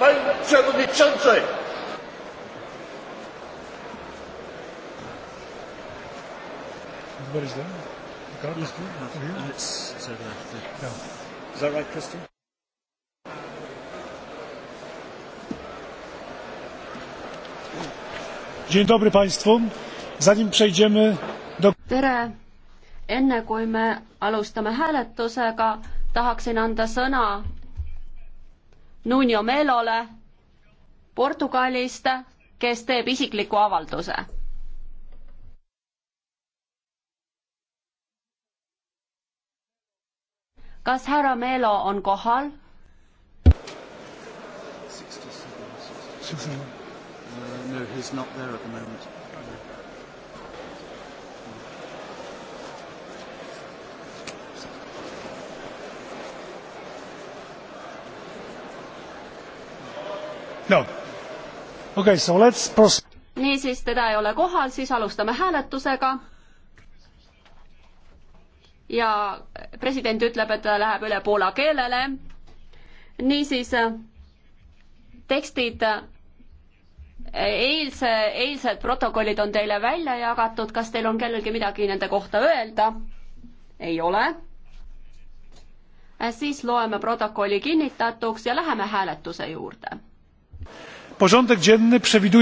Panie Przewodniczący! What is that? The card is good? No, no, it's, it's over there. Yeah. No. Is that right, Christian? Dzień dobry Państwu. Zanim przejdziemy do... Tere! Enne kui me alustame hääletusega, tahaksin anda sõna Nuno Melole Portugalist, kes teeb isikliku avalduse. kas härra Meelo on kohal? Uh, no, he's not there at the moment. no.. Okay, so let's proceed. niisiis, teda ei ole kohal, siis alustame hääletusega. ja president ütleb, et ta läheb üle poola keelele. niisiis tekstid, eilse, eilsed protokollid on teile välja jagatud, kas teil on kellelgi midagi nende kohta öelda? ei ole. siis loeme protokolli kinnitatuks ja läheme hääletuse juurde porządek dzienny przewiduje